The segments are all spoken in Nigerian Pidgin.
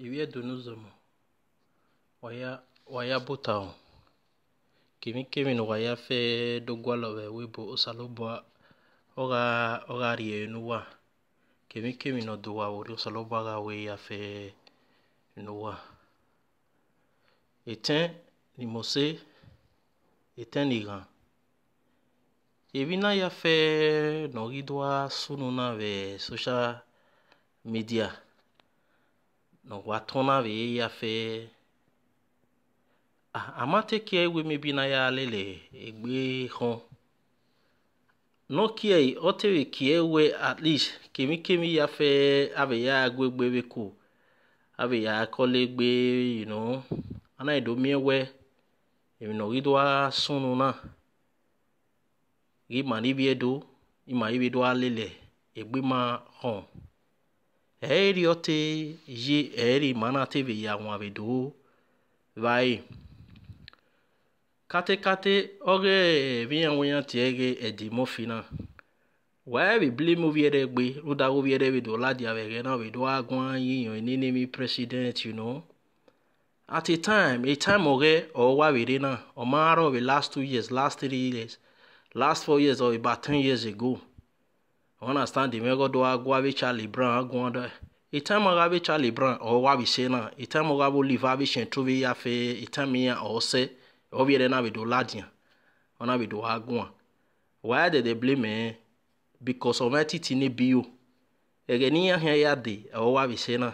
Ewiɛ do no zɔmɔ waya bota ho kemi kemi no wayafɛ do goalɔbɛ webo osalobua ɔga rie no wa kemi kemi no do awore osalobua ga we afɛ no wa Etɛ ne mose etɛ ne ighan Ewi na yafɛ nɔgidoa sunu navɛ social media Donc watona ve ya fe amate kia ewe mebi na ya lele egbe ho. No kia i otewe kia ewe at least kemi kemi ya fe ave ya agwegbe weko. Ave ya akole egbe, you know. Ana edo miewe emi no gido a sunu na. Gi mani bi edo, ima ibi do alele egbe ma hon. Heriyo te ye heri mana teve ya wavedo vai. Kate kate oge vien wian tiege edi mofina. Wa vi bli mo viere gbe ruda go viere vi do ladi avege na vi do agwan yiyan enemy president you know. At a time, a time oge or wa vi na, or maro the last two years, last three years, last four years or about ten years ago understand the mega do agwa be Charlie Brown agwa do. Itan mo ga be Charlie Brown or wa be se na. Itan mo ga bo live abi shen to be ya fe itan mi ya o se. O be na be do ladian. Ona be do agwa. Why did they blame me? Because of my titi ni bio. Ege ni ya hen ya de o wa be se na.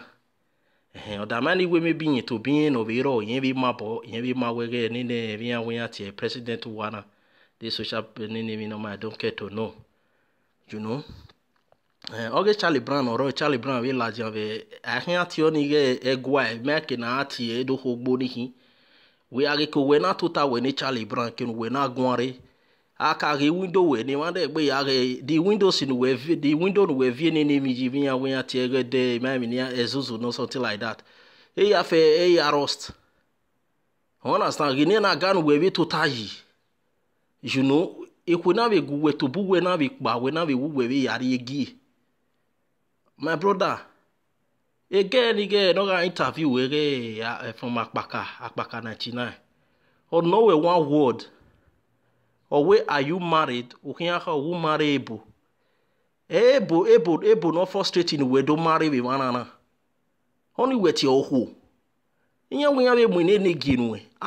Eh o da mani we me bi to bi no be ro yin bi ma bo yin bi ma wege ni ne bi ya wen ya ti president wa na. This social nini mi no ma don't care to know. you know eh, oge Charlie Brown ọrọ Charlie Brown wee laji abe ahịa tio nige egwa mee ke na atie edoho gbo n'ihi wee agịka wee na tụta wee ne Charlie Brown ke wee na agụnarị aka gị windo wee ne nwada egbe ya gị di windo si nu wee vi di windo nu wee vi ni n'imi ji vi ya wee ya tie gị de ma mi ya ezuzu eh, no something like that eya afe eyi arust understand gị ne na ganu wee vi tuta yi you know ekwe na we guwe to buwe na we kpa we na we wuwe we yari egi my brother again again no ga interview we uh, eh, eh, from akpaka akpaka 99 or no we one word or where are you married ukinya ka who marry ebo ebo ebo ebo no frustrating we do marry we wanana only wet your hoe ihe nwe ya bụ egbe na-ene gị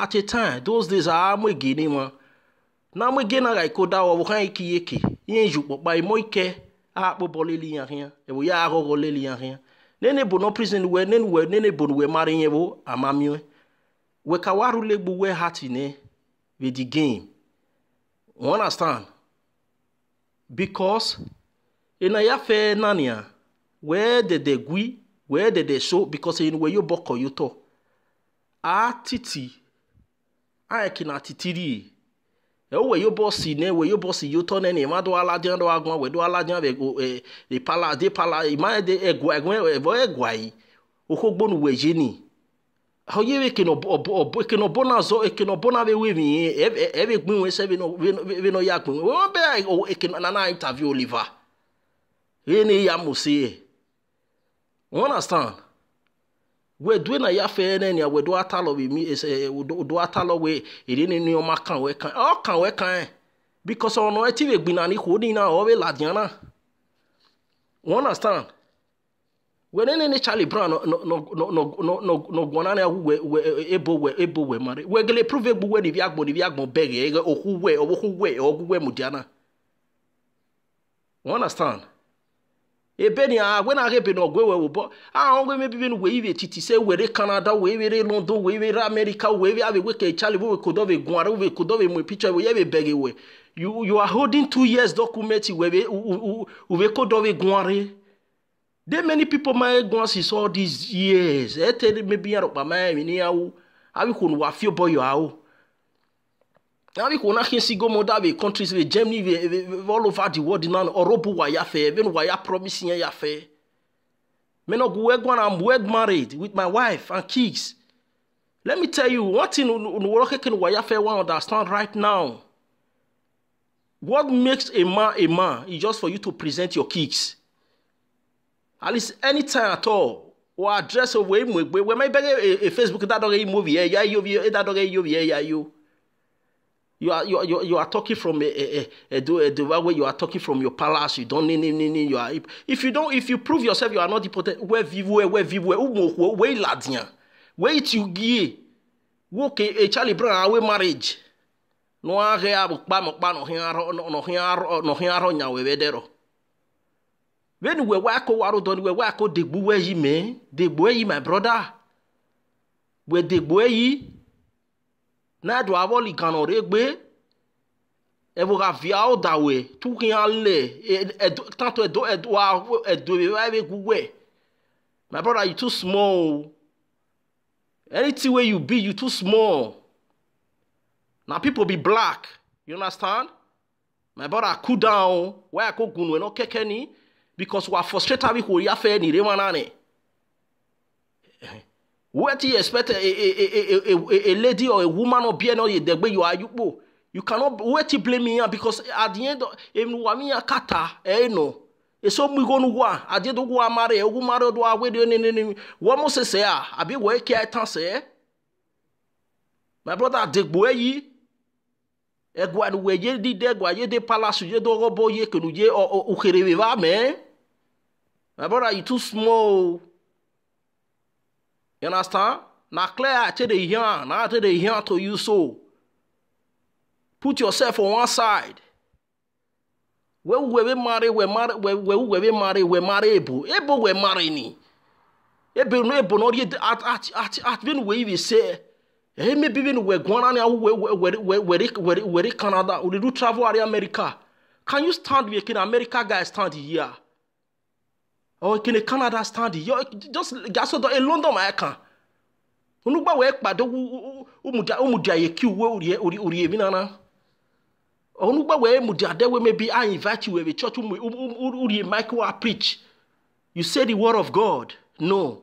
at a time those days a ama gị n'ịma na mo ge na ga ko da wo kan iki yeke yin ju popa e mo ike a po bo leli yan hian e wo ya go go leli yan hian nene bo no prison we nene we nene bo we mari yen bo amami we we ka waru le gbu we hati ne with the game you understand because ina e ya fe nania where did they gui where did they show because in e where you boko you to a titi a ekina titiri wo yo bɔsi ne wo yo bɔsi yo tɔ ne ne ma do aladiã do agbɔn wo do aladiã be go e e pala de pala e ma de egua egbɔn evɔ egua yi o ko gbɔnu wo edze ni awo ye be kenɔ ɔbɔ ɔbɔ kenɔ bɔna zɔ kenɔ bɔna be we mi ye ɛ ɛ be gbin wo sɛ be nɔ be ya gbin wo wɔn bɛ o kenɔ nana interview oliva ye ne ya mo se ye you understand wedue na ya fɛ ne nea do atalɔ bi mi ɛsɛ wedo atalɔ we eri ne nneɛma kan wɛ kan ɔkan wɛ kan eh. because ɔno ɛti e le gbina ni ko ni na ɔbɛ ladiya na you understand wɛne ne ne charlie brown no no no no no no no gbɔna ne awu wɛ wɛ ebo e wɛ ebo wɛ ma de wɛgele prove egbu wɛ nivi agbɔn nivi agbɔn bɛɛ yɛ e, oku wɛ ɔwɔku wɛ ɔgu wɛ mu diya na you understand ebeni a gwe na gebe no gwe we bo a on gwe mebi no we ibe titi se we re canada we we re london we we re america we we ave we ke chale we ko do we guare we ko do we mu picture we ye be bege we you you are holding two years document we we we ko do we guare there many people my gwan since all these years e tell me bi aro pa my ni awu abi ko wa fio boyo awu ariko onakenshi go muri abo countries be germany be all over the world man europe wayafe even waya promising yafe me no go work when i'm well married with my wife and kids let me tell you one thing unworokeken wayafe one understand right now what makes a man a man is just for you to present your kids at least anytime at all or address wey we gbe wey my beg a facebook that dog movie yeah yeah yo that dog movie yeah yeah Yeah, yeah, you are you are, you are, you are talking from a, a, a, a, a way you are talking from your palace you don't need need you are if you don't if you prove yourself you are not deported where vivre where vivre umo where ladian where it you gie woke a Charlie Brown away marriage no aghe abukpa mokpa no hin aro no no aro no hin aro nya wewe dero when we wa ko waro don we wa ko degbu we yi me degbu yi my brother we degbu yi na do aboli kano regbe evo ga via o dawe tu kin ale e tanto e do e do e do e vai gugwe my brother you too small anything where you be you too small na people be black you understand my brother cool down where i go gun we no keke ni because we are frustrated with who ya fe ni re manane what you expect a a a a a lady or a woman or bia or ye degbe you are yupo you cannot wait blame me because at the end enu wa mi akata e eh, no eso mu go nu wa at the end go amare e go mare do awe de ni ni wo mo se se a abi wo e ke e tan se e? my brother degbo e yi egwa nu we ye di degwa ye de palace ye do go bo ye kenu ye o o khere va me my brother you too small You understand? Now clear tell the young, now tell the young to you so. Put yourself on one side. When we marry, we marry, we were. marry, we marry able. Able we marry Ebo Able no Ebo. not yet at at at at when we say. Eh, maybe when we're going on, we're we're we're we're we're Canada, we do travel around America. Can you stand with America guy stand here? or kí ni Canada stand yọ just gasọdọ ẹ London máa kàn onugbawo ẹ pàdé ọmọdé ayé kí uwe orí èmi nana onugbawo ẹ mọdé adéwé maybe I invite you ẹbi church orí èmi Michael wa preach you say the word of God no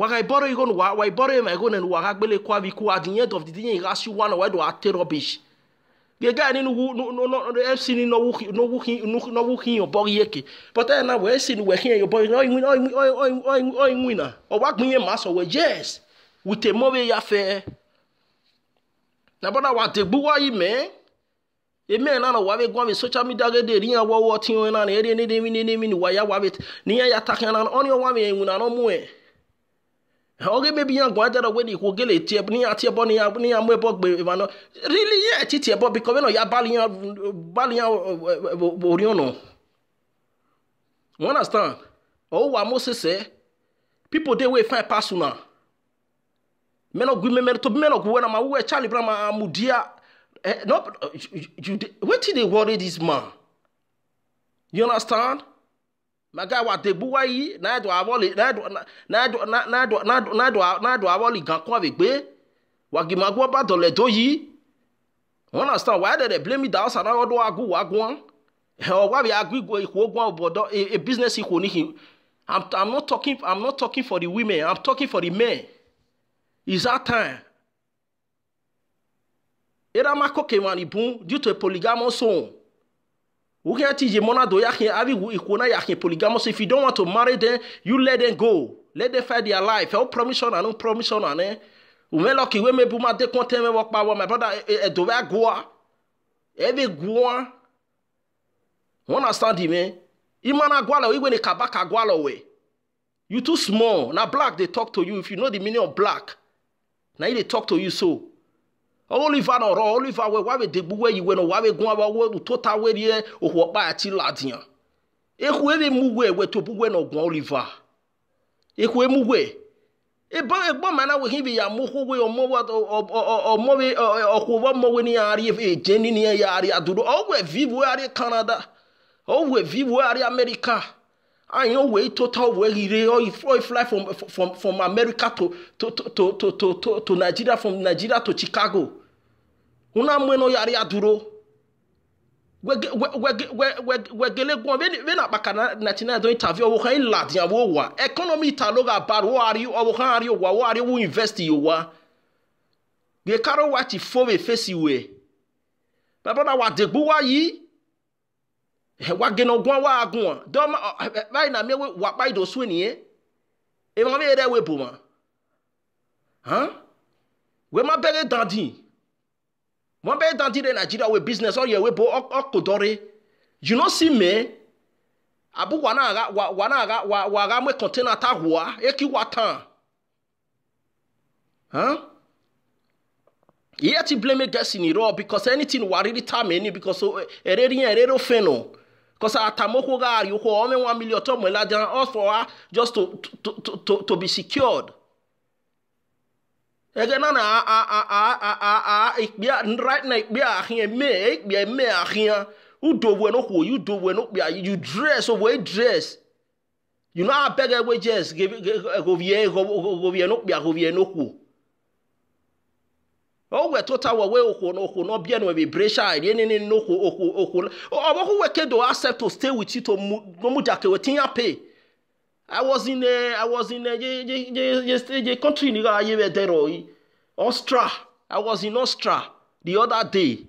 waka ibọrọ igon wa ibọrọ ẹ ma igon ẹnu waka gbélé kwa bi ku at the end of the day yẹn ìhásí wa náà wẹ́ẹ́ dọ̀ àtẹ rubbish the guy ni wu no no no fc ni no wu no wu no no wu hin obo yeke but then na we see ni we hin obo no win no win no win no win na o wa gbin yen ma so we yes with a move ya fe na boda wa te gbuwa yi me emi na na wa be gwa me social media ge de riyan wo wo tin na na ere ni de mi ni mi ni wa ya wa be ni ya ta kan na oni wa me enwu na no mu e oge bebi ya ngwa adara weni ikwu gele tie ni ya tie bo ni ya ni ya mwe bo gbe ivano really ye ti tie bo because no ya bali ya bali ya oriono you understand o wa mo se se people dey way fine pass una me no gwi me me to me no gwi na ma we chali bra ma amudia no you wetin they worry this man you understand maga wa te buwa yi na do avoli na do na do na do na do na do avoli gan kon avec pe wa gi magwo ba do le eh, oh, do yi won understand why they blame me that sana odo agu wa gwon he o wa bi agu go iku ogun obodo a business iku ni him i'm i'm not talking i'm not talking for the women i'm talking for the men is that time era ma koke mani bun due to a polygamous home Whoever teach the monad yakin abi ikuna yakin polygamous. If you don't want to marry them, you let them go. Let them fight their life. All promission and no promission and eh. Ume lucky we me buma de content me walk by my brother. E, e do we goa? Every goa. Understand me? Imana gwala we when kabaka gwala we. You too small. Now black they talk to you. If you know the meaning of black, now they talk to you so olufa na ɔrɔ olufa wɛ wa bɛ degbu wɛ yi wɛ na wa we gun wa wɛ to ta wɛ yɛ ohɔ kpa ati la diɛ eku if mu wɛ wɛ to bu wɛ na gun olufa if emu wɛ eba if ma na wɛ hi bi ya mu ko wɛ ɔmɔ wa ɔmɔ bi ɔko wa mɔ wɛ ni ya ari edze if ni ya ari aduro ɔwɛ vivu wɛ ari canada ɔwɛ vivu wɛ ari america ayin ɔwɛ to ta wɛ yire ɔyi fly from from from america to to to to to to nigeria from nigeria to chicago una unamweno yari aduro wegelegwon ve na kpaka na 99 don interview owo kan iladi awo wa economy ita lo ga bar wo ari owo kan ari owa wo ari wo invest yo wa ge karo wa ti fo me face we baba na wa degbu wa yi he wa gena ogun wa agun do ma bai na me wa pa ido su niye e ma me e re we bo ma han we ma dandin mobile dadi dey nigeria wey business ọ ya ewepụ ọkụdọrị you no see mee abụ wa na-agha wa na-agha wa wa agha mee kọntena ta hụa eki wa taa ihe ti blame gesi n'iro because anything wariri ta meni bikos ereri ya erere ofe nọ kọsa atamokwo ga-arị ụkwụ ome nwa milion tọmwela dị ọfọ ha just to, to, to, to, to be secured ege nana a a a a a a ikpia right na ikpia ahia me ikpia me ahia u do we no ho you do we no kpia you dress of we dress you know abeg we dress give go vie go vie no kpia go vie no ho o we total we we ho no ho no bia no be bresha ri ni ni no ho ho ho o bo ho we kedo accept to stay with you to no mu jake we tin ya pay I was in a, I was in a, a, a, country eh? Austria. I was in Austria the other day.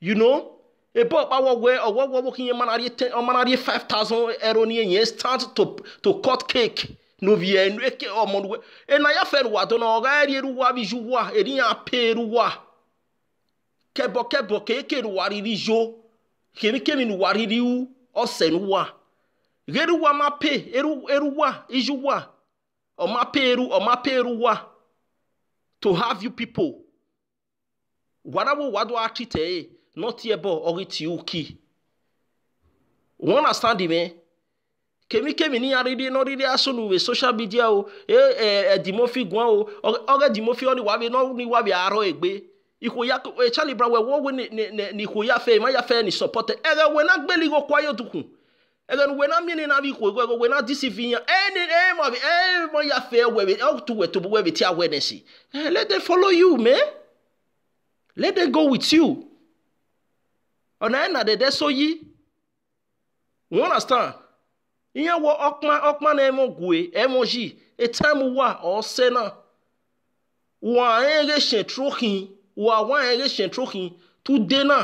You know, a or uh, manari five euro start to cut cake. No or oh, and I fell what on all ruwa visuwa Kebo kebo keke jo. Kemi kemi gheruwa mape eru eruwa ijuwa ọmape eru ọmape eruwa to have you people gwarawo wado achite eh, not ebo ogiti uki wọn asandi me kemi kemi ni ariri no riri aso we social media o e e dimofi gwan o oge dimofi oni wa no ni wa aro egbe ihoya e chali brawe wo we ni ni ihoya fe ma ya fe ni support e we na gbeli go kwayo dukun And then when I'm in a week, when I'm deceiving, any aim of everyone you fair where we out to where to where we tear awareness. Eh, let them follow you, man. Let them go with you. On the end of the day, so ye. You understand? ìyẹn wọ ọkpọn ọkpọn náà ẹmọ gùn ẹmọ yìí ẹtàmù wà ọsẹ náà wọ àwọn ẹrẹ ṣẹ̀ trókìn wọ àwọn ẹrẹ ṣẹ̀ trókìn tó dé náà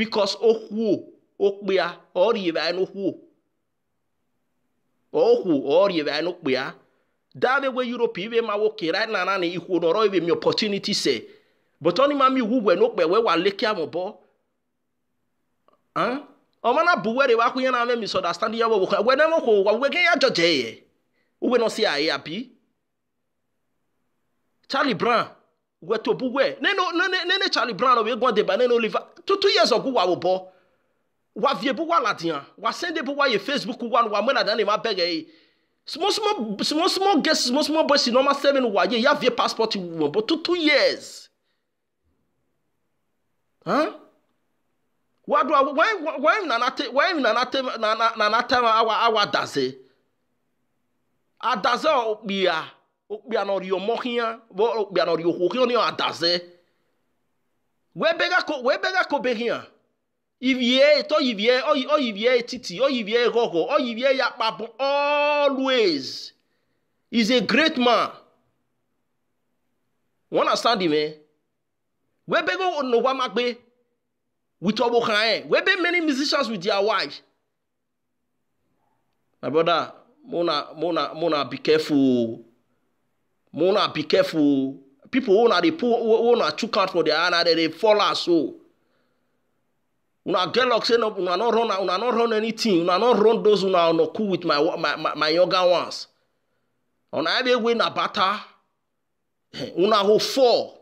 because of who. ụkpịa ọrịa n'ụkwụ ọkwụ ọrịa n'ụkpịa dabegwe yuropi ibe ma nwoke right na nana ikwu nọrọ ibe mi opportunity se but ọnị ma mi wugwe n'okpe wee wa leke amụbọ ọmana bụ were wa akwụnye na ame misunderstand ya wọwọ ụwa wege ya jọje ye uwe nene ọ bụ nene tutu wụbọ wa vie bu wa ladiyan wa sende bu wa ye facebook wa wa mena dan ne ma bɛgɛ ye small small small small girls small small boys si normal seven wa ye ya vie passport wɔn but two two years huh? wa do wa wa nana te wa nana te nana nana te ma awa awa daze adaze okpia okpia na ori omohia okpia na ori ohohia ni adaze webega ko webega ko behia. Iviate, Oyiviate, Oyiviate Titi, Oyiviate Gogo, Oyiviate Yakpapu, always is a great man. You understand him, eh? Webe go on Nowa Magbe with Obo wey eh? Webe many musicians with their wives. My brother, Mona, Mona, Mona, be careful. Mona, be careful. People who are dey poor, who are chook out for their honor, dey fall as so. una get luck say una no run una no run anything una no run those una no cool with my my my younger ones una dey win na bata eh, una go fall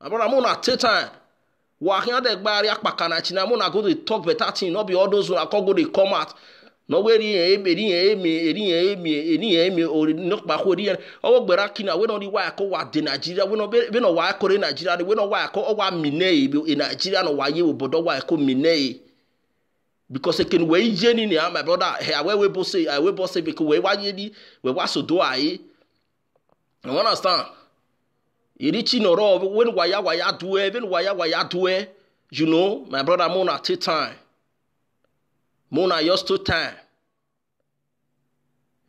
abụrụ mụ na take time wahia dey gbagharịa kpaka na china mụ na go dey talk better thing no be all those una come go dey come out nɔwɛri yɛn eme eri yɛn eme eri yɛn eme eri yɛn eme ori nɔkpako eri yɛn ɔwɔ gbɛra kina wɛnɔ ni waya kɔ wa de nigeria wɛnɔ bɛnɔ waya kɔ re nigeria ni wɛnɔ waya kɔ ɔwa yi bi nigeria nɔ wa ye o bɔdɔ waya kɔ minɛ yi because wɛ ni ah my brother hɛ awɛ wɛ bɔ se awɛ bɔ se because wɛ wa ye ni wɛ wa so do ayi you understand eri tsi nɔrɔ wɛni waya waya doɛ wɛni waya waya you know my brother mo take time. Mona, yours two time.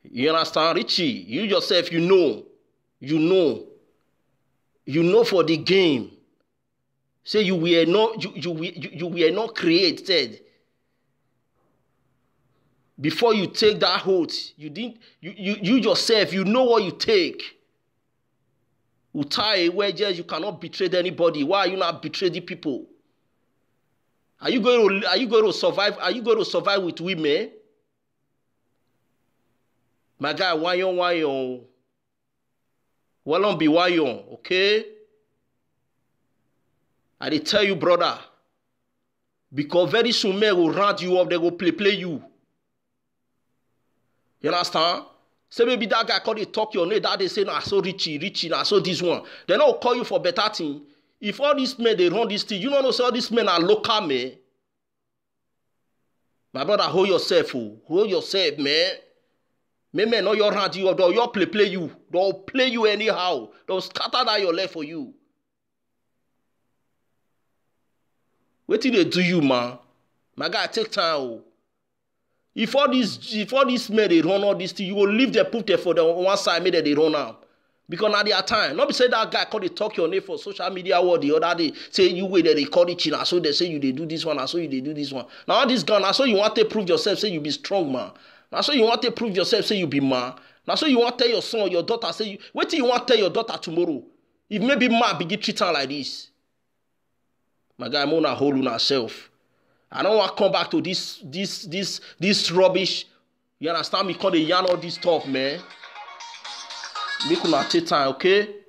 You understand, Richie? You yourself, you know. You know. You know for the game. Say you were not you, you, you, you were not created. Before you take that hold. you didn't you, you, you yourself, you know what you take. Utai, where just you cannot betray anybody. Why are you not betray the people? Are you going to, are you going to survive? Are you going to survive with women? My guy, why wayon. Well on be why wayon, okay? I tell you, brother. Because very soon men will round you up, they go play play you. You understand? Say maybe that guy call you talk your name that day say na so richy richy na so this one. They no call you for better thing if all these men dey run this thing you no know say all these men na local men my brother hold yourself o oh. hold yourself man make men no your hand you or your play play you don play you anyhow don scatter that your leg for you wetin dey do you ma my guy take time o oh. if all these, if all these men dey run all this thing you go leave dem put dem for one side make dem dey run am because na their time no be say that guy come dey talk your name for social media world the other day say you wey dem dey call it na so dem say you dey do this one na so you dey do this one na all this gun na so you wan take prove yourself say you be strong man na so you wan take prove yourself say you be man na so you wan tell your son or your daughter say you wetin you wan tell your daughter tomorrow if maybe man begin treat am like this my guy make una hold una self i no wan come back to this this this this rubbish you understand me come dey yarn all this stuff man. make una take time okay